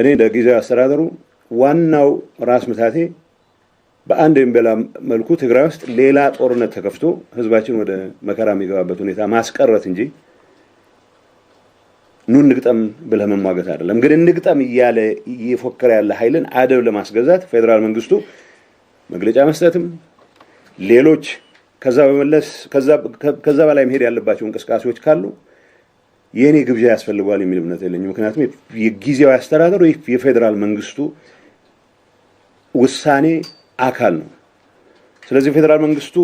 እኔ ለጊዜያዊ አስተዳደሩ ዋናው ራስ ምታቴ በአንድ የሚበላ መልኩ ትግራይ ውስጥ ሌላ ጦርነት ተከፍቶ ህዝባችን ወደ መከራ የሚገባበት ሁኔታ ማስቀረት እንጂ ኑ እንግጠም ብለህ መሟገት አይደለም። ግን እንግጠም እያለ እየፎከረ ያለ ኃይልን አደብ ለማስገዛት ፌዴራል መንግስቱ መግለጫ መስጠትም ሌሎች ከዛ በመለስ ከዛ በላይ መሄድ ያለባቸው እንቅስቃሴዎች ካሉ የእኔ ግብዣ ያስፈልገዋል የሚል እምነት የለኝም። ምክንያቱም የጊዜያዊ አስተዳደሩ የፌዴራል መንግስቱ ውሳኔ አካል ነው። ስለዚህ ፌዴራል መንግስቱ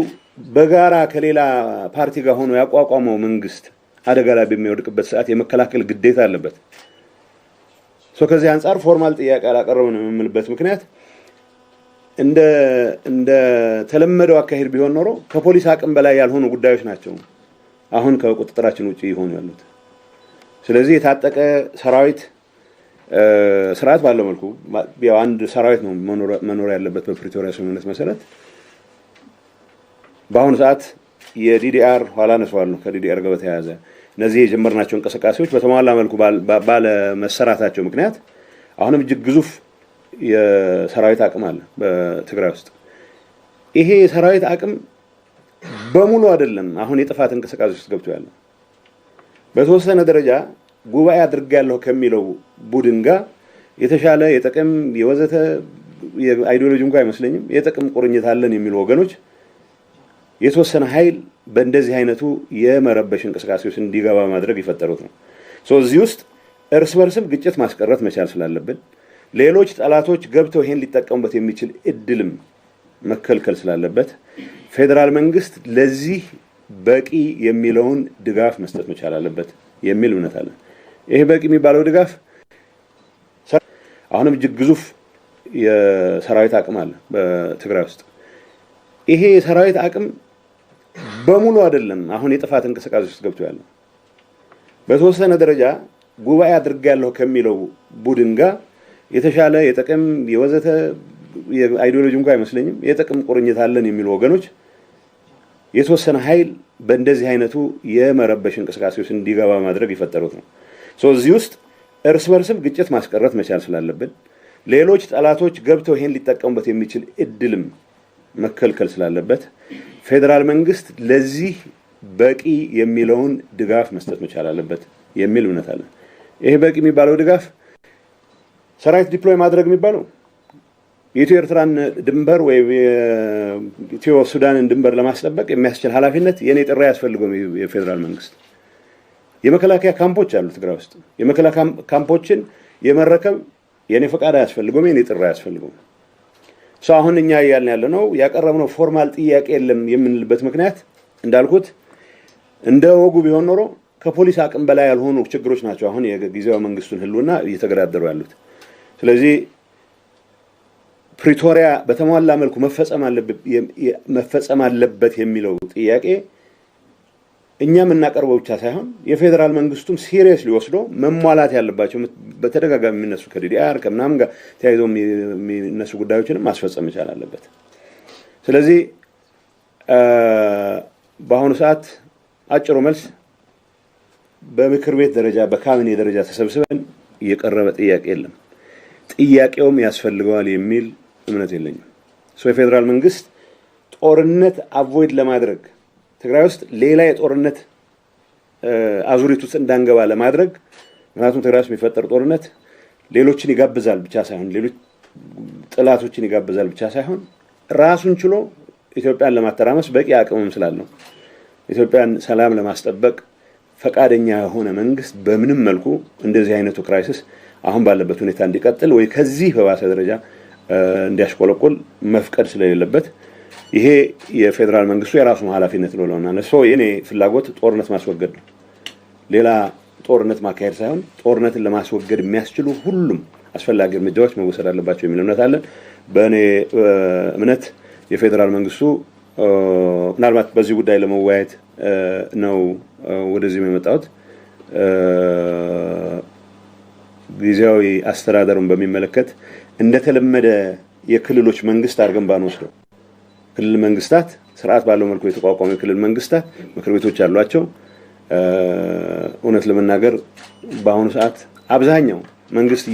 በጋራ ከሌላ ፓርቲ ጋር ሆኖ ያቋቋመው መንግስት አደጋ ላይ በሚወድቅበት ሰዓት የመከላከል ግዴታ አለበት። ከዚህ አንጻር ፎርማል ጥያቄ አላቀረብንም የምልበት ምክንያት እንደ ተለመደው አካሄድ ቢሆን ኖሮ ከፖሊስ አቅም በላይ ያልሆኑ ጉዳዮች ናቸው አሁን ከቁጥጥራችን ውጭ ይሆኑ ያሉት። ስለዚህ የታጠቀ ሰራዊት ስርዓት ባለው መልኩ ያው አንድ ሰራዊት ነው መኖር ያለበት በፕሪቶሪያ ስምምነት መሰረት። በአሁኑ ሰዓት የዲዲአር ኋላ ነስዋል ነው ከዲዲአር ጋር በተያያዘ እነዚህ የጀመርናቸው እንቅስቃሴዎች በተሟላ መልኩ ባለመሰራታቸው ምክንያት አሁንም እጅግ ግዙፍ የሰራዊት አቅም አለ በትግራይ ውስጥ። ይሄ የሰራዊት አቅም በሙሉ አይደለም አሁን የጥፋት እንቅስቃሴ ውስጥ ገብቶ ያለው በተወሰነ ደረጃ ጉባኤ አድርጋለሁ ከሚለው ቡድን ጋር የተሻለ የጥቅም የወዘተ አይዲዮሎጂ እንኳ አይመስለኝም የጥቅም ቁርኝት አለን የሚሉ ወገኖች የተወሰነ ኃይል በእንደዚህ አይነቱ የመረበሽ እንቅስቃሴዎች እንዲገባ ማድረግ የፈጠሩት ነው። እዚህ ውስጥ እርስ በርስም ግጭት ማስቀረት መቻል ስላለብን፣ ሌሎች ጠላቶች ገብተው ይሄን ሊጠቀሙበት የሚችል እድልም መከልከል ስላለበት ፌዴራል መንግስት ለዚህ በቂ የሚለውን ድጋፍ መስጠት መቻል አለበት የሚል እምነት አለን። ይሄ በቂ የሚባለው ድጋፍ አሁንም እጅግ ግዙፍ የሰራዊት አቅም አለ በትግራይ ውስጥ። ይሄ የሰራዊት አቅም በሙሉ አይደለም አሁን የጥፋት እንቅስቃሴ ውስጥ ገብቶ ያለው በተወሰነ ደረጃ ጉባኤ አድርጌያለሁ ከሚለው ቡድን ጋር የተሻለ የጥቅም የወዘተ የአይዲዮሎጂ እንኳ አይመስለኝም የጥቅም ቁርኝት አለን የሚሉ ወገኖች የተወሰነ ኃይል በእንደዚህ አይነቱ የመረበሽ እንቅስቃሴ ውስጥ እንዲገባ ማድረግ የፈጠሩት ነው። እዚህ ውስጥ እርስ በርስም ግጭት ማስቀረት መቻል ስላለብን፣ ሌሎች ጠላቶች ገብተው ይሄን ሊጠቀሙበት የሚችል እድልም መከልከል ስላለበት ፌዴራል መንግስት ለዚህ በቂ የሚለውን ድጋፍ መስጠት መቻል አለበት የሚል እምነት አለን። ይሄ በቂ የሚባለው ድጋፍ ሰራዊት ዲፕሎይ ማድረግ የሚባለው የኢትዮ ኤርትራን ድንበር ወይም የኢትዮ ሱዳንን ድንበር ለማስጠበቅ የሚያስችል ኃላፊነት የእኔ ጥሪ አያስፈልገውም። የፌዴራል መንግስት የመከላከያ ካምፖች አሉ ትግራይ ውስጥ። የመከላከያ ካምፖችን የመረከብ የእኔ ፈቃድ አያስፈልገውም፣ የእኔ ጥሪ አያስፈልገውም። ሰው አሁን እኛ እያልን ያለ ነው ያቀረብነው ፎርማል ጥያቄ የለም የምንልበት ምክንያት እንዳልኩት እንደ ወጉ ቢሆን ኖሮ ከፖሊስ አቅም በላይ ያልሆኑ ችግሮች ናቸው አሁን የጊዜያዊ መንግስቱን ህልውና እየተገዳደሩ ያሉት ስለዚህ ፕሪቶሪያ በተሟላ መልኩ መፈጸም አለበት የሚለው ጥያቄ እኛ የምናቀርበው ብቻ ሳይሆን የፌዴራል መንግስቱም ሲሪየስ ሊወስዶ መሟላት ያለባቸው በተደጋጋሚ የሚነሱ ከዲዲአር ከምናምን ጋር ተያይዞ የሚነሱ ጉዳዮችንም ማስፈጸም መቻል አለበት። ስለዚህ በአሁኑ ሰዓት አጭሩ መልስ በምክር ቤት ደረጃ በካቢኔ ደረጃ ተሰብስበን የቀረበ ጥያቄ የለም። ጥያቄውም ያስፈልገዋል የሚል እምነት የለኝም። ሶ የፌዴራል መንግስት ጦርነት አቮይድ ለማድረግ ትግራይ ውስጥ ሌላ የጦርነት አዙሪት ውስጥ እንዳንገባ ለማድረግ ምክንያቱም ትግራይ ውስጥ የሚፈጠር ጦርነት ሌሎችን ይጋብዛል ብቻ ሳይሆን ሌሎች ጥላቶችን ይጋብዛል ብቻ ሳይሆን ራሱን ችሎ ኢትዮጵያን ለማተራመስ በቂ አቅምም ስላለው ኢትዮጵያን ሰላም ለማስጠበቅ ፈቃደኛ የሆነ መንግስት በምንም መልኩ እንደዚህ አይነቱ ክራይሲስ አሁን ባለበት ሁኔታ እንዲቀጥል ወይ ከዚህ በባሰ ደረጃ እንዲያሽቆለቆል መፍቀድ ስለሌለበት ይሄ የፌዴራል መንግስቱ የራሱ ኃላፊነት ነው ለሆናለ የኔ ፍላጎት ጦርነት ማስወገድ ነው። ሌላ ጦርነት ማካሄድ ሳይሆን ጦርነትን ለማስወገድ የሚያስችሉ ሁሉም አስፈላጊ እርምጃዎች መወሰድ አለባቸው የሚል እምነት አለን። በእኔ እምነት የፌዴራል መንግስቱ ምናልባት በዚህ ጉዳይ ለመወያየት ነው ወደዚህም የመጣሁት። ጊዜያዊ አስተዳደሩን በሚመለከት እንደተለመደ የክልሎች መንግስት አድርገን ባንወስደው ክልል መንግስታት ስርዓት ባለው መልኩ የተቋቋሙ የክልል መንግስታት ምክር ቤቶች አሏቸው። እውነት ለመናገር በአሁኑ ሰዓት አብዛኛው መንግስት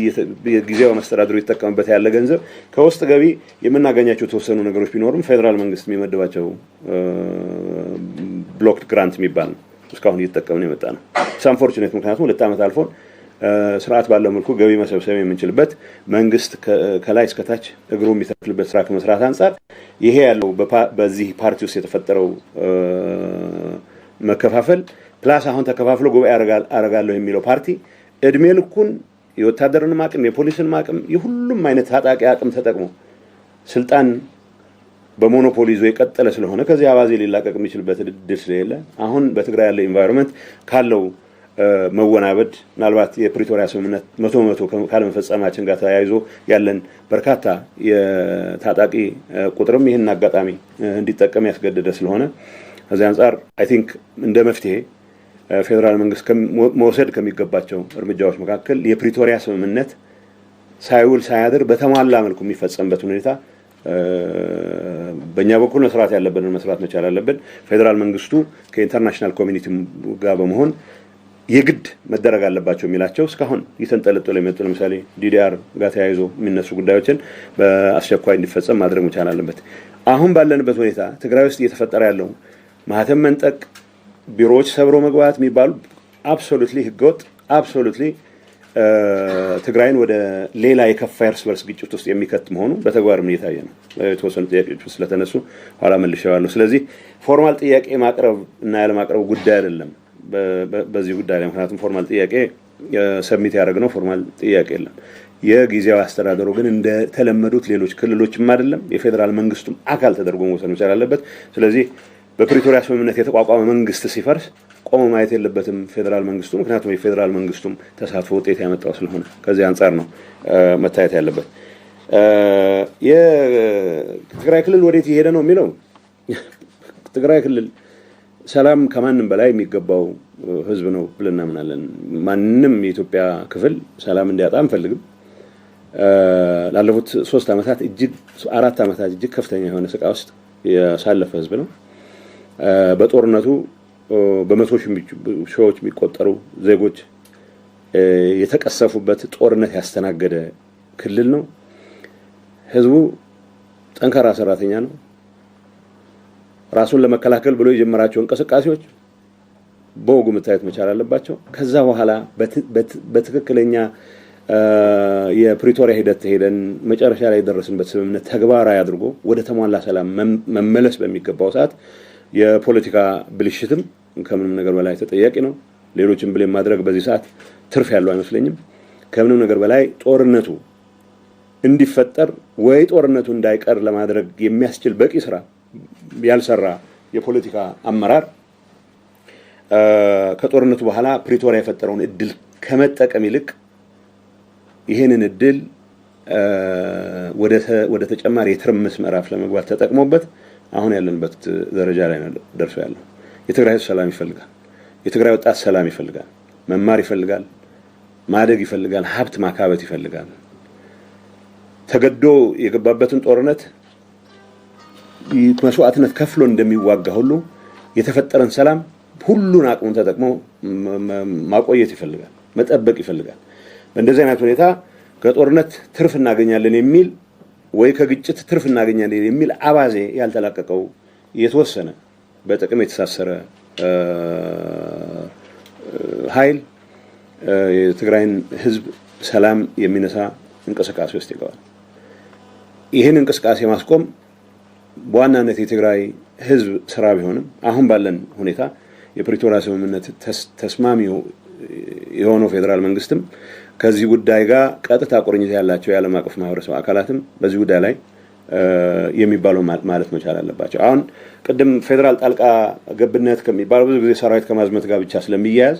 ጊዜያዊ መስተዳድሩ የተጠቀምበት ያለ ገንዘብ ከውስጥ ገቢ የምናገኛቸው የተወሰኑ ነገሮች ቢኖርም ፌዴራል መንግስት የሚመድባቸው ብሎክድ ግራንት የሚባል ነው። እስካሁን እየተጠቀምን የመጣ ነው። ሳንፎርቹኔት ምክንያቱም ሁለት ዓመት አልፎን ስርዓት ባለው መልኩ ገቢ መሰብሰብ የምንችልበት መንግስት ከላይ እስከታች እግሩ የሚተክልበት ስራ ከመስራት አንጻር ይሄ ያለው በዚህ ፓርቲ ውስጥ የተፈጠረው መከፋፈል ፕላስ አሁን ተከፋፍሎ ጉባኤ አረጋለሁ የሚለው ፓርቲ እድሜ ልኩን የወታደርንም አቅም የፖሊስንም አቅም የሁሉም አይነት ታጣቂ አቅም ተጠቅሞ ስልጣን በሞኖፖሊ ይዞ የቀጠለ ስለሆነ ከዚህ አባዜ ሊላቀቅ የሚችልበት እድል ስለሌለ አሁን በትግራይ ያለው ኢንቫይሮንመንት ካለው መወናበድ ምናልባት የፕሪቶሪያ ስምምነት መቶ በመቶ ካለመፈጸማችን ጋር ተያይዞ ያለን በርካታ የታጣቂ ቁጥርም ይህንን አጋጣሚ እንዲጠቀም ያስገደደ ስለሆነ ከዚህ አንጻር አይ ቲንክ እንደ መፍትሄ ፌዴራል መንግስት መውሰድ ከሚገባቸው እርምጃዎች መካከል የፕሪቶሪያ ስምምነት ሳይውል ሳያድር በተሟላ መልኩ የሚፈጸምበት ሁኔታ በእኛ በኩል መስራት ያለብንን መስራት መቻል አለብን። ፌዴራል መንግስቱ ከኢንተርናሽናል ኮሚኒቲ ጋር በመሆን የግድ መደረግ አለባቸው የሚላቸው እስካሁን እየተንጠለጠሉ የመጡ ለምሳሌ ዲዲአር ጋር ተያይዞ የሚነሱ ጉዳዮችን በአስቸኳይ እንዲፈጸም ማድረግ መቻል አለበት። አሁን ባለንበት ሁኔታ ትግራይ ውስጥ እየተፈጠረ ያለው ማህተም መንጠቅ፣ ቢሮዎች ሰብሮ መግባት የሚባሉ አብሶሉትሊ ህገወጥ አብሶሉትሊ ትግራይን ወደ ሌላ የከፋ እርስ በርስ ግጭት ውስጥ የሚከት መሆኑ በተግባርም እየታየ ነው። የተወሰኑ ጥያቄዎች ስለተነሱ ኋላ መልሼዋለሁ። ስለዚህ ፎርማል ጥያቄ ማቅረብ እና ያለማቅረብ ጉዳይ አይደለም። በዚህ ጉዳይ ላይ ምክንያቱም ፎርማል ጥያቄ ሰሚት ነው ፎርማል ጥያቄ የለም። የጊዜያዊ አስተዳደሩ ግን እንደተለመዱት ሌሎች ክልሎችም አይደለም የፌዴራል መንግስቱም አካል ተደርጎ መውሰድ መቻል አለበት። ስለዚህ በፕሪቶሪያ ስምምነት የተቋቋመ መንግስት ሲፈርስ ቆሞ ማየት የለበትም ፌዴራል መንግስቱ፣ ምክንያቱም የፌዴራል መንግስቱም ተሳትፎ ውጤት ያመጣው ስለሆነ ከዚህ አንጻር ነው መታየት ያለበት። የትግራይ ክልል ወዴት እየሄደ ነው የሚለው ትግራይ ክልል ሰላም ከማንም በላይ የሚገባው ህዝብ ነው ብለን እናምናለን። ማንም የኢትዮጵያ ክፍል ሰላም እንዲያጣ አንፈልግም። ላለፉት ሶስት ዓመታት እጅግ አራት ዓመታት እጅግ ከፍተኛ የሆነ ስቃ ውስጥ ያሳለፈ ህዝብ ነው። በጦርነቱ በመቶ ሺዎች የሚቆጠሩ ዜጎች የተቀሰፉበት ጦርነት ያስተናገደ ክልል ነው። ህዝቡ ጠንካራ ሰራተኛ ነው። ራሱን ለመከላከል ብሎ የጀመራቸው እንቅስቃሴዎች በወጉ መታየት መቻል አለባቸው። ከዛ በኋላ በትክክለኛ የፕሪቶሪያ ሂደት ሄደን መጨረሻ ላይ የደረስንበት ስምምነት ተግባራዊ አድርጎ ወደ ተሟላ ሰላም መመለስ በሚገባው ሰዓት የፖለቲካ ብልሽትም ከምንም ነገር በላይ ተጠያቂ ነው። ሌሎችን ብሌ ማድረግ በዚህ ሰዓት ትርፍ ያለው አይመስለኝም። ከምንም ነገር በላይ ጦርነቱ እንዲፈጠር ወይ ጦርነቱ እንዳይቀር ለማድረግ የሚያስችል በቂ ስራ ያልሰራ የፖለቲካ አመራር ከጦርነቱ በኋላ ፕሪቶሪያ የፈጠረውን እድል ከመጠቀም ይልቅ ይህንን እድል ወደ ተጨማሪ የትርምስ ምዕራፍ ለመግባት ተጠቅሞበት አሁን ያለንበት ደረጃ ላይ ደርሶ ያለው። የትግራይ ህዝብ ሰላም ይፈልጋል። የትግራይ ወጣት ሰላም ይፈልጋል። መማር ይፈልጋል። ማደግ ይፈልጋል። ሀብት ማካበት ይፈልጋል። ተገዶ የገባበትን ጦርነት መስዋዕትነት ከፍሎ እንደሚዋጋ ሁሉ የተፈጠረን ሰላም ሁሉን አቅሙን ተጠቅሞ ማቆየት ይፈልጋል፣ መጠበቅ ይፈልጋል። በእንደዚህ አይነት ሁኔታ ከጦርነት ትርፍ እናገኛለን የሚል ወይ ከግጭት ትርፍ እናገኛለን የሚል አባዜ ያልተላቀቀው የተወሰነ በጥቅም የተሳሰረ ኃይል የትግራይን ሕዝብ ሰላም የሚነሳ እንቅስቃሴ ውስጥ ይገባል። ይህን እንቅስቃሴ ማስቆም በዋናነት የትግራይ ህዝብ ስራ ቢሆንም አሁን ባለን ሁኔታ የፕሪቶሪያ ስምምነት ተስማሚ የሆነው ፌዴራል መንግስትም ከዚህ ጉዳይ ጋር ቀጥታ ቁርኝት ያላቸው የዓለም አቀፍ ማህበረሰብ አካላትም በዚህ ጉዳይ ላይ የሚባለው ማለት መቻል አለባቸው። አሁን ቅድም ፌዴራል ጣልቃ ገብነት ከሚባለው ብዙ ጊዜ ሰራዊት ከማዝመት ጋር ብቻ ስለሚያያዝ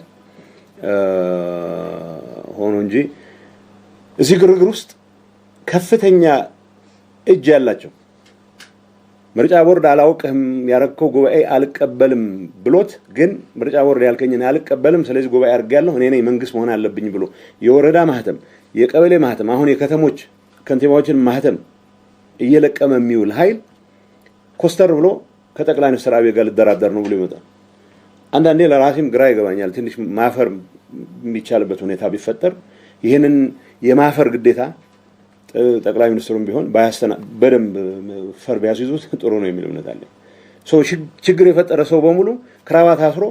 ሆኖ እንጂ እዚህ ግርግር ውስጥ ከፍተኛ እጅ ያላቸው ምርጫ ቦርድ አላውቅህም ያረከው ጉባኤ አልቀበልም ብሎት፣ ግን ምርጫ ቦርድ ያልከኝን አልቀበልም፣ ስለዚህ ጉባኤ አድርጌያለሁ እኔ ነኝ መንግስት መሆን አለብኝ ብሎ የወረዳ ማህተም፣ የቀበሌ ማህተም፣ አሁን የከተሞች ከንቲባዎችን ማህተም እየለቀመ የሚውል ኃይል ኮስተር ብሎ ከጠቅላይ ሚኒስትር አብይ ጋር ልደራደር ነው ብሎ ይመጣል። አንዳንዴ ለራሴም ግራ ይገባኛል። ትንሽ ማፈር የሚቻልበት ሁኔታ ቢፈጠር ይህንን የማፈር ግዴታ ጠቅላይ ሚኒስትሩም ቢሆን በደንብ ፈር ቢያስይዙት ጥሩ ነው የሚል እምነት አለ። ችግር የፈጠረ ሰው በሙሉ ክራባት አስሮ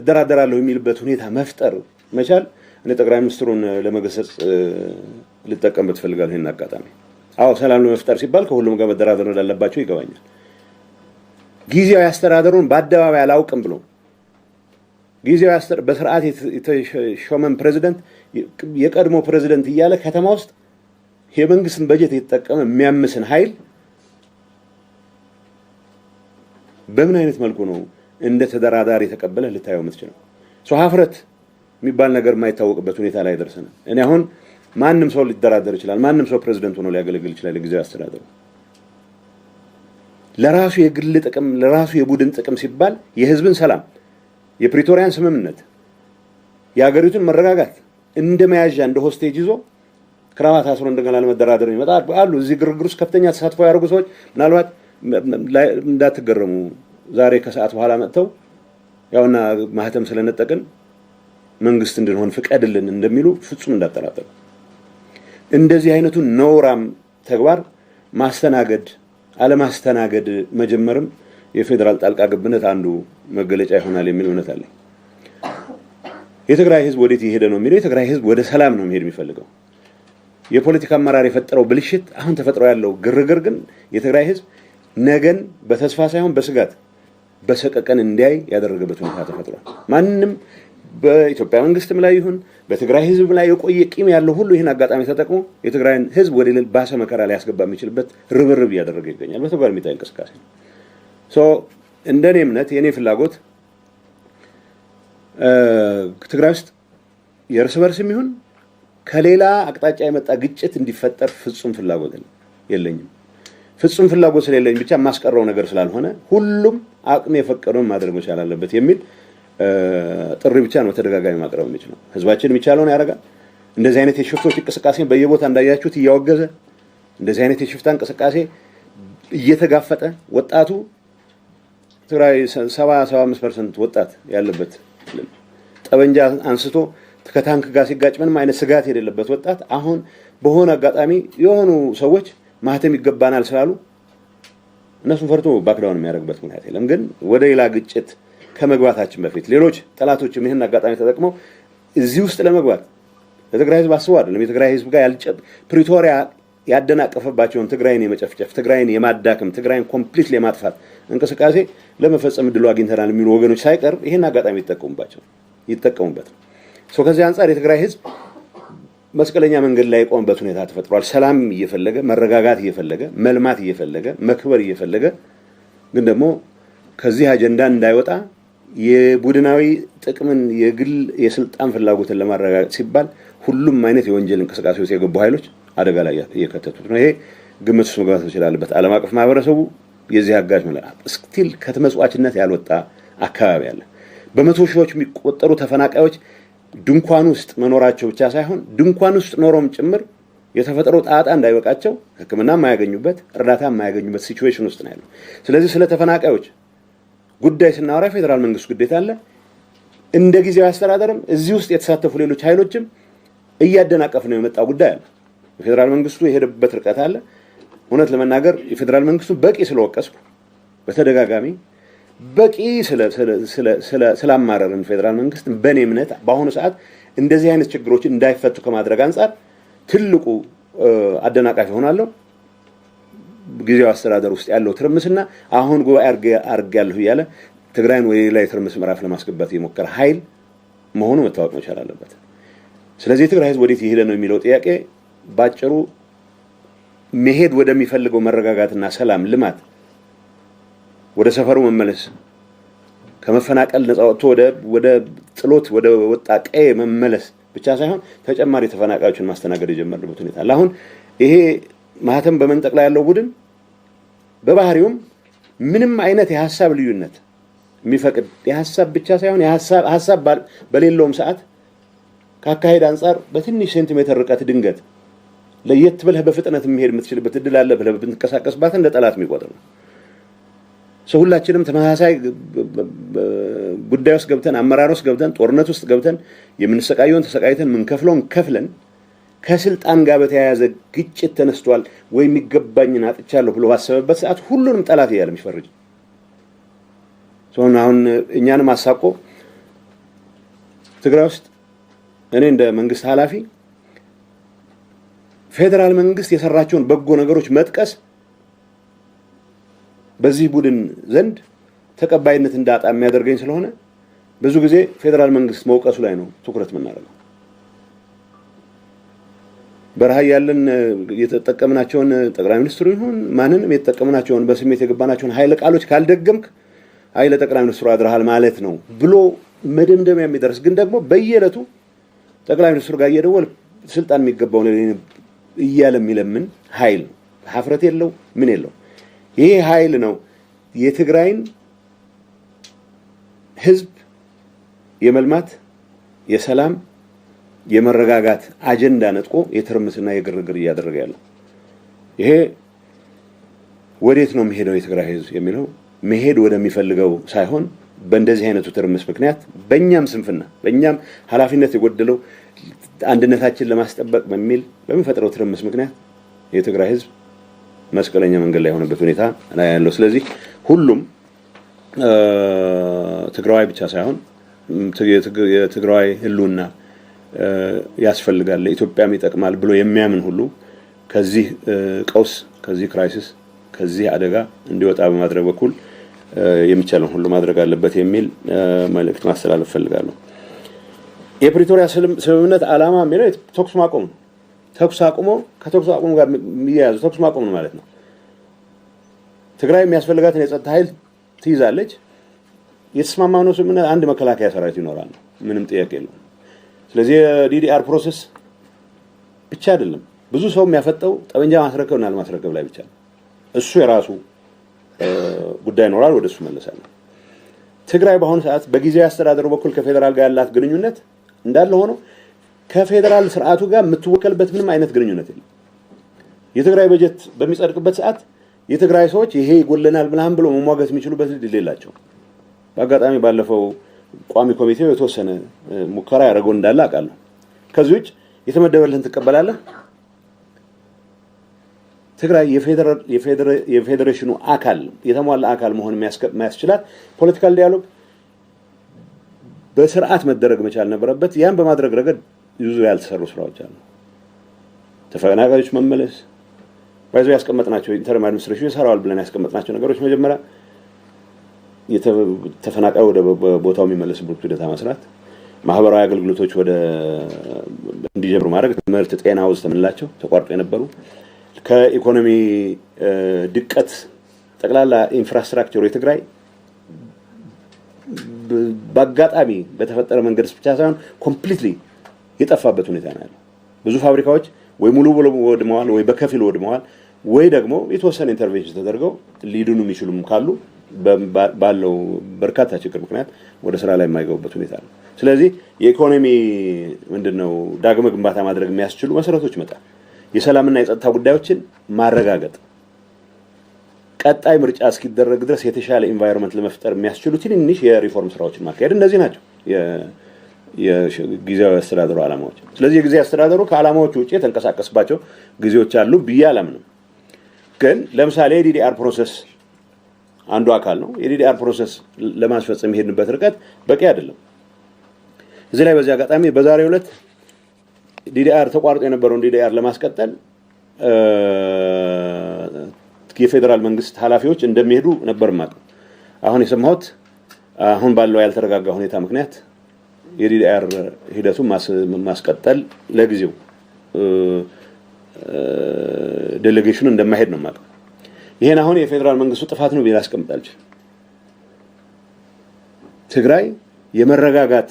እደራደራለሁ የሚልበት ሁኔታ መፍጠር መቻል እኔ ጠቅላይ ሚኒስትሩን ለመገሰጽ ልጠቀምበት እፈልጋለሁ ይህን አጋጣሚ። አዎ ሰላም ለመፍጠር ሲባል ከሁሉም ጋር መደራደር እንዳለባቸው ይገባኛል። ጊዜያዊ አስተዳደሩን በአደባባይ አላውቅም ብሎ ጊዜያዊ በስርዓት የተሾመን ፕሬዚደንት የቀድሞ ፕሬዚደንት እያለ ከተማ ውስጥ የመንግስትን በጀት የተጠቀመ የሚያምስን ኃይል በምን አይነት መልኩ ነው እንደ ተደራዳሪ የተቀበለ ልታየው የምትችለው? ሰው ሀፍረት የሚባል ነገር የማይታወቅበት ሁኔታ ላይ ደርሰናል። እኔ አሁን ማንም ሰው ሊደራደር ይችላል። ማንም ሰው ፕሬዝደንት ሆኖ ሊያገለግል ይችላል። የጊዜያዊ አስተዳደሩ ለራሱ የግል ጥቅም፣ ለራሱ የቡድን ጥቅም ሲባል የህዝብን ሰላም፣ የፕሪቶሪያን ስምምነት፣ የሀገሪቱን መረጋጋት እንደ መያዣ እንደ ሆስቴጅ ይዞ ክራባት አስሮ እንደገና ለመደራደር ይመጣ አሉ። እዚህ ግርግር ውስጥ ከፍተኛ ተሳትፎ ያደርጉ ሰዎች ምናልባት እንዳትገረሙ ዛሬ ከሰዓት በኋላ መጥተው ያውና ማህተም ስለነጠቅን መንግስት እንድንሆን ፍቀድልን እንደሚሉ ፍጹም እንዳጠራጠሩ። እንደዚህ አይነቱን ነውራም ተግባር ማስተናገድ አለማስተናገድ መጀመርም የፌዴራል ጣልቃ ገብነት አንዱ መገለጫ ይሆናል የሚል እውነት አለ። የትግራይ ህዝብ ወዴት እየሄደ ነው የሚለው የትግራይ ህዝብ ወደ ሰላም ነው መሄድ የሚፈልገው። የፖለቲካ አመራር የፈጠረው ብልሽት፣ አሁን ተፈጥሮ ያለው ግርግር ግን የትግራይ ህዝብ ነገን በተስፋ ሳይሆን በስጋት በሰቀቀን እንዲያይ ያደረገበት ሁኔታ ተፈጥሯል። ማንም በኢትዮጵያ መንግስትም ላይ ይሁን በትግራይ ህዝብ ላይ የቆየ ቂም ያለው ሁሉ ይህን አጋጣሚ ተጠቅሞ የትግራይን ህዝብ ወደ ሌላ ባሰ መከራ ላይ ያስገባ የሚችልበት ርብርብ እያደረገ ይገኛል። በተግባር የሚታይ እንቅስቃሴ ነው። እንደ እኔ እምነት የእኔ ፍላጎት ትግራይ ውስጥ የእርስ በርስ የሚሆን ከሌላ አቅጣጫ የመጣ ግጭት እንዲፈጠር ፍጹም ፍላጎት የለኝም። ፍጹም ፍላጎት ስለሌለኝ ብቻ የማስቀረው ነገር ስላልሆነ ሁሉም አቅም የፈቀደውን ማድረግ መቻል አለበት የሚል ጥሪ ብቻ ነው ተደጋጋሚ ማቅረብ የሚችለው። ህዝባችን የሚቻለውን ያደርጋል። እንደዚህ አይነት የሽፍቶች እንቅስቃሴ በየቦታ እንዳያችሁት እያወገዘ እንደዚህ አይነት የሽፍታ እንቅስቃሴ እየተጋፈጠ ወጣቱ ትግራይ ሰባ ሰባ አምስት ፐርሰንት ወጣት ያለበት ጠበንጃ አንስቶ ከታንክ ጋር ሲጋጭ ምንም አይነት ስጋት የሌለበት ወጣት አሁን በሆነ አጋጣሚ የሆኑ ሰዎች ማህተም ይገባናል ስላሉ እነሱን ፈርቶ ባክዳውን የሚያደርግበት ምክንያት የለም። ግን ወደ ሌላ ግጭት ከመግባታችን በፊት ሌሎች ጠላቶችም ይህን አጋጣሚ ተጠቅመው እዚህ ውስጥ ለመግባት ለትግራይ ህዝብ አስቡ አይደለም። የትግራይ ህዝብ ጋር ያልጨ ፕሪቶሪያ ያደናቀፈባቸውን ትግራይን የመጨፍጨፍ ትግራይን የማዳክም ትግራይን ኮምፕሊት የማጥፋት እንቅስቃሴ ለመፈጸም እድሉ አግኝተናል የሚሉ ወገኖች ሳይቀር ይህን አጋጣሚ ይጠቀሙባቸው ይጠቀሙበት ነው። ሰው ከዚህ አንጻር የትግራይ ህዝብ መስቀለኛ መንገድ ላይ የቆመበት ሁኔታ ተፈጥሯል። ሰላም እየፈለገ መረጋጋት እየፈለገ መልማት እየፈለገ መክበር እየፈለገ ግን ደግሞ ከዚህ አጀንዳ እንዳይወጣ የቡድናዊ ጥቅምን የግል የስልጣን ፍላጎትን ለማረጋገጥ ሲባል ሁሉም አይነት የወንጀል እንቅስቃሴ ውስጥ የገቡ ኃይሎች አደጋ ላይ እየከተቱት ነው። ይሄ ግምት ውስጥ መግባት መቻል ዓለም አቀፍ ማህበረሰቡ የዚህ አጋዥ መላ ስቲል ከተመጽዋችነት ያልወጣ አካባቢ አለ። በመቶ ሺዎች የሚቆጠሩ ተፈናቃዮች ድንኳን ውስጥ መኖራቸው ብቻ ሳይሆን ድንኳን ውስጥ ኖሮም ጭምር የተፈጥሮ ጣጣ እንዳይበቃቸው ሕክምና የማያገኙበት እርዳታ የማያገኙበት ሲቹዌሽን ውስጥ ነው ያለው። ስለዚህ ስለ ተፈናቃዮች ጉዳይ ስናወራ የፌዴራል መንግስት ግዴታ አለ። እንደ ጊዜያዊ አስተዳደርም እዚህ ውስጥ የተሳተፉ ሌሎች ኃይሎችም እያደናቀፍ ነው የመጣው ጉዳይ አለ። የፌዴራል መንግስቱ የሄደበት ርቀት አለ። እውነት ለመናገር የፌዴራል መንግስቱ በቂ ስለወቀስኩ በተደጋጋሚ በቂ ስላማረርን ፌዴራል መንግስት በእኔ እምነት በአሁኑ ሰዓት እንደዚህ አይነት ችግሮች እንዳይፈቱ ከማድረግ አንጻር ትልቁ አደናቃፊ ሆናለሁ ጊዜው አስተዳደር ውስጥ ያለው ትርምስና አሁን ጉባኤ አድርጌያለሁ እያለ ትግራይን ወደ ሌላ የትርምስ ምዕራፍ ለማስገባት የሞከረ ኃይል መሆኑ መታወቅ መቻል አለበት። ስለዚህ የትግራይ ህዝብ ወዴት ይሄደ ነው የሚለው ጥያቄ ባጭሩ መሄድ ወደሚፈልገው መረጋጋትና ሰላም፣ ልማት ወደ ሰፈሩ መመለስ፣ ከመፈናቀል ነፃ ወጥቶ ወደ ጥሎት ወደ ወጣ ቀዬ መመለስ ብቻ ሳይሆን ተጨማሪ ተፈናቃዮችን ማስተናገድ የጀመርንበት ሁኔታ አለ። አሁን ይሄ ማህተም በመንጠቅ ላይ ያለው ቡድን በባህሪውም ምንም አይነት የሀሳብ ልዩነት የሚፈቅድ የሀሳብ ብቻ ሳይሆን ሀሳብ በሌለውም ሰዓት ከአካሄድ አንጻር በትንሽ ሴንቲሜትር ርቀት ድንገት ለየት ብለህ በፍጥነት የሚሄድ የምትችልበት እድል አለ ብለህ ብትንቀሳቀስባት እንደ ጠላት የሚቆጥር ነው። ሰው ሁላችንም ተመሳሳይ ጉዳይ ውስጥ ገብተን አመራር ውስጥ ገብተን ጦርነት ውስጥ ገብተን የምንሰቃየውን ተሰቃይተን የምንከፍለውን ከፍለን ከስልጣን ጋር በተያያዘ ግጭት ተነስቷል ወይ የሚገባኝን አጥቻለሁ ብሎ ባሰበበት ሰዓት ሁሉንም ጠላት እያለ የሚፈርጅ አሁን እኛንም አሳቆ ትግራይ ውስጥ እኔ እንደ መንግስት ኃላፊ ፌዴራል መንግስት የሰራቸውን በጎ ነገሮች መጥቀስ በዚህ ቡድን ዘንድ ተቀባይነት እንዳጣ የሚያደርገኝ ስለሆነ ብዙ ጊዜ ፌዴራል መንግስት መውቀሱ ላይ ነው ትኩረት የምናደርገው። በረሃ ያለን የተጠቀምናቸውን ጠቅላይ ሚኒስትሩ ይሁን ማንንም የተጠቀምናቸውን በስሜት የገባናቸውን ኃይለ ቃሎች ካልደገምክ ኃይለ ጠቅላይ ሚኒስትሩ አድርሃል ማለት ነው ብሎ መደምደሚያ የሚደርስ ግን ደግሞ በየዕለቱ ጠቅላይ ሚኒስትሩ ጋር እየደወል ስልጣን የሚገባውን እያለ የሚለምን ኃይል ሀፍረት የለው ምን የለው ይሄ ኃይል ነው የትግራይን ህዝብ የመልማት የሰላም የመረጋጋት አጀንዳ ነጥቆ የትርምስና የግርግር እያደረገ ያለው ይሄ ወዴት ነው የሚሄደው የትግራይ ህዝብ የሚለው መሄድ ወደሚፈልገው ሳይሆን በእንደዚህ አይነቱ ትርምስ ምክንያት በእኛም ስንፍና በእኛም ኃላፊነት የጎደለው አንድነታችን ለማስጠበቅ በሚል በሚፈጥረው ትርምስ ምክንያት የትግራይ ህዝብ መስቀለኛ መንገድ ላይ የሆነበት ሁኔታ ላይ ያለው። ስለዚህ ሁሉም ትግራዋይ ብቻ ሳይሆን የትግራዋይ ህልውና ያስፈልጋል፣ ለኢትዮጵያም ይጠቅማል ብሎ የሚያምን ሁሉ ከዚህ ቀውስ ከዚህ ክራይሲስ ከዚህ አደጋ እንዲወጣ በማድረግ በኩል የሚቻለውን ሁሉ ማድረግ አለበት የሚል መልእክት ማስተላለፍ ፈልጋለሁ። የፕሪቶሪያ ስምምነት ዓላማ የሚለው ተኩስ ማቆም ነው። ተኩስ አቁሞ ከተኩስ አቁሞ ጋር የሚያያዙ ተኩስ ማቆም ነው ማለት ነው። ትግራይ የሚያስፈልጋትን የጸጥታ ኃይል ትይዛለች። የተስማማነው ስምምነት አንድ መከላከያ ሰራዊት ይኖራል ነው፣ ምንም ጥያቄ የለውም። ስለዚህ የዲዲአር ፕሮሰስ ብቻ አይደለም ብዙ ሰው የሚያፈጠው ጠመንጃ ማስረከብ እና አለማስረከብ ላይ ብቻ ነው። እሱ የራሱ ጉዳይ ይኖራል፣ ወደ እሱ ትግራይ በአሁኑ ሰዓት በጊዜያዊ አስተዳደሩ በኩል ከፌዴራል ጋር ያላት ግንኙነት እንዳለ ሆኖ ከፌዴራል ስርዓቱ ጋር የምትወከልበት ምንም አይነት ግንኙነት የለም። የትግራይ በጀት በሚጸድቅበት ሰዓት የትግራይ ሰዎች ይሄ ይጎለናል ምናምን ብሎ መሟገት የሚችሉበት ድል የላቸው። በአጋጣሚ ባለፈው ቋሚ ኮሚቴው የተወሰነ ሙከራ ያደረገው እንዳለ አውቃለሁ። ከዚህ ውጭ የተመደበልህን ትቀበላለህ። ትግራይ የፌዴሬሽኑ አካል የተሟላ አካል መሆን የሚያስችላት ፖለቲካል ዲያሎግ በስርዓት መደረግ መቻል ነበረበት። ያን በማድረግ ረገድ ዙሪያ ያልተሰሩ ስራዎች አሉ። ተፈናቃዮች መመለስ ባይዞ ያስቀመጥናቸው ኢንተርም አድሚኒስትሬሽን ይሰራዋል ብለን ያስቀመጥናቸው ነገሮች መጀመሪያ ተፈናቃይ ወደ ቦታው የሚመለስበት ሂደት መስራት፣ ማህበራዊ አገልግሎቶች ወደ እንዲጀምሩ ማድረግ፣ ትምህርት፣ ጤና ውስጥ የምንላቸው ተቋርጦ የነበሩ ከኢኮኖሚ ድቀት ጠቅላላ ኢንፍራስትራክቸሩ የትግራይ በአጋጣሚ በተፈጠረ መንገድ ብቻ ሳይሆን ኮምፕሊትሊ የጠፋበት ሁኔታ ነው ያለው። ብዙ ፋብሪካዎች ወይ ሙሉ ወድመዋል፣ ወይ በከፊል ወድመዋል፣ ወይ ደግሞ የተወሰነ ኢንተርቬንሽን ተደርገው ሊድኑ የሚችሉም ካሉ ባለው በርካታ ችግር ምክንያት ወደ ስራ ላይ የማይገቡበት ሁኔታ ነው። ስለዚህ የኢኮኖሚ ምንድን ነው ዳግመ ግንባታ ማድረግ የሚያስችሉ መሰረቶች መጣል፣ የሰላምና የጸጥታ ጉዳዮችን ማረጋገጥ፣ ቀጣይ ምርጫ እስኪደረግ ድረስ የተሻለ ኢንቫይሮንመንት ለመፍጠር የሚያስችሉ ትንንሽ የሪፎርም ስራዎችን ማካሄድ፣ እነዚህ ናቸው። የጊዜያዊ አስተዳደሩ ዓላማዎች። ስለዚህ የጊዜ አስተዳደሩ ከዓላማዎቹ ውጭ የተንቀሳቀስባቸው ጊዜዎች አሉ ብዬ አላምንም። ግን ለምሳሌ የዲዲአር ፕሮሰስ አንዱ አካል ነው። የዲዲአር ፕሮሰስ ለማስፈጸም የሄድንበት ርቀት በቂ አይደለም። እዚህ ላይ በዚህ አጋጣሚ በዛሬው ዕለት ዲዲአር ተቋርጦ የነበረውን ዲዲአር ለማስቀጠል የፌዴራል መንግስት ኃላፊዎች እንደሚሄዱ ነበር ማቀ አሁን የሰማሁት አሁን ባለው ያልተረጋጋ ሁኔታ ምክንያት የዲዲአር ሂደቱን ማስቀጠል ለጊዜው ዴሌጌሽኑ እንደማይሄድ ነው ማለት። ይሄን አሁን የፌዴራል መንግስቱ ጥፋት ነው ቢላስቀምጥ አልችልም። ትግራይ የመረጋጋት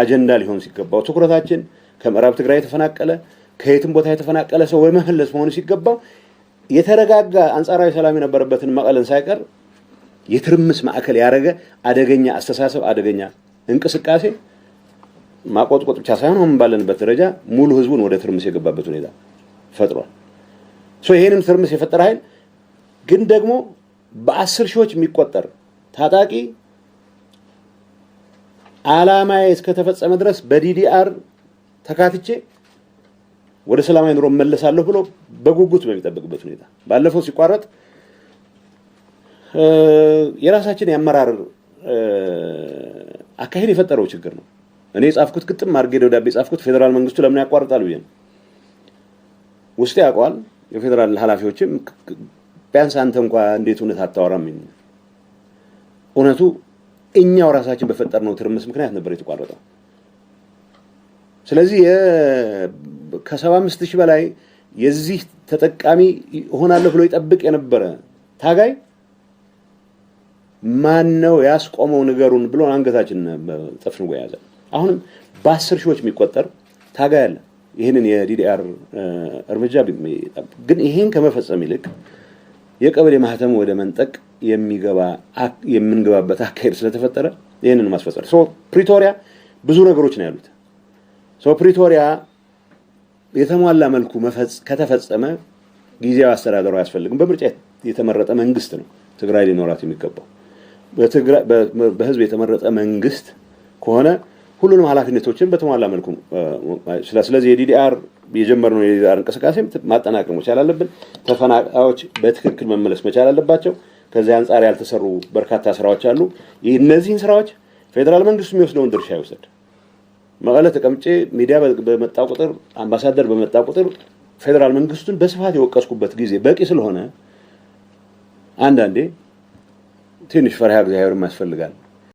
አጀንዳ ሊሆን ሲገባው ትኩረታችን ከምዕራብ ትግራይ የተፈናቀለ ከየትም ቦታ የተፈናቀለ ሰው ወይ መመለስ መሆኑ ሲገባው የተረጋጋ አንጻራዊ ሰላም የነበረበትን መቀለን ሳይቀር የትርምስ ማዕከል ያደረገ አደገኛ አስተሳሰብ አደገኛ እንቅስቃሴ ማቆጥቆጥ ብቻ ሳይሆን አሁን ባለንበት ደረጃ ሙሉ ህዝቡን ወደ ትርምስ የገባበት ሁኔታ ፈጥሯል። ሶ ይሄንን ትርምስ የፈጠረ ኃይል ግን ደግሞ በአስር ሺዎች የሚቆጠር ታጣቂ አላማዬ እስከተፈጸመ ድረስ በዲዲአር ተካትቼ ወደ ሰላማዊ ኑሮ መለሳለሁ ብሎ በጉጉት በሚጠብቅበት ሁኔታ ባለፈው ሲቋረጥ የራሳችን የአመራር አካሄድ የፈጠረው ችግር ነው። እኔ የጻፍኩት ግጥም አድርጌ ደብዳቤ የጻፍኩት ፌዴራል መንግስቱ ለምን ያቋርጣል ብዬ ነው። ውስጥ ያውቀዋል። የፌዴራል ኃላፊዎችም ቢያንስ አንተ እንኳ እንዴት እውነት አታወራም? እውነቱ እኛው ራሳችን በፈጠርነው ትርምስ ምክንያት ነበር የተቋረጠው። ስለዚህ ከሰባ አምስት ሺህ በላይ የዚህ ተጠቃሚ እሆናለሁ ብሎ ይጠብቅ የነበረ ታጋይ ማን ነው ያስቆመው ንገሩን ብሎ አንገታችን ጠፍንጎ የያዘ አሁንም በአስር ሺዎች የሚቆጠር ታጋ ያለ ይህንን የዲዲአር እርምጃ ግን ይህን ከመፈጸም ይልቅ የቀበሌ ማህተም ወደ መንጠቅ የምንገባበት አካሄድ ስለተፈጠረ ይህንን ማስፈጸር ፕሪቶሪያ ብዙ ነገሮች ነው ያሉት። ፕሪቶሪያ የተሟላ መልኩ ከተፈጸመ ጊዜያዊ አስተዳደሩ አያስፈልግም። በምርጫ የተመረጠ መንግስት ነው ትግራይ ሊኖራት የሚገባው። በህዝብ የተመረጠ መንግስት ከሆነ ሁሉንም ኃላፊነቶችን በተሟላ መልኩ ስለዚህ የዲዲአር የጀመርነው የዲዲአር እንቅስቃሴም ማጠናቀቅ መቻል አለብን። ተፈናቃዮች በትክክል መመለስ መቻል አለባቸው። ከዚህ አንጻር ያልተሰሩ በርካታ ስራዎች አሉ። እነዚህን ስራዎች ፌዴራል መንግስቱ የሚወስደውን ድርሻ ይወሰድ። መቀለ ተቀምጬ ሚዲያ በመጣ ቁጥር አምባሳደር በመጣ ቁጥር ፌዴራል መንግስቱን በስፋት የወቀስኩበት ጊዜ በቂ ስለሆነ አንዳንዴ ትንሽ ፈርሃ እግዚአብሔርም ያስፈልጋል።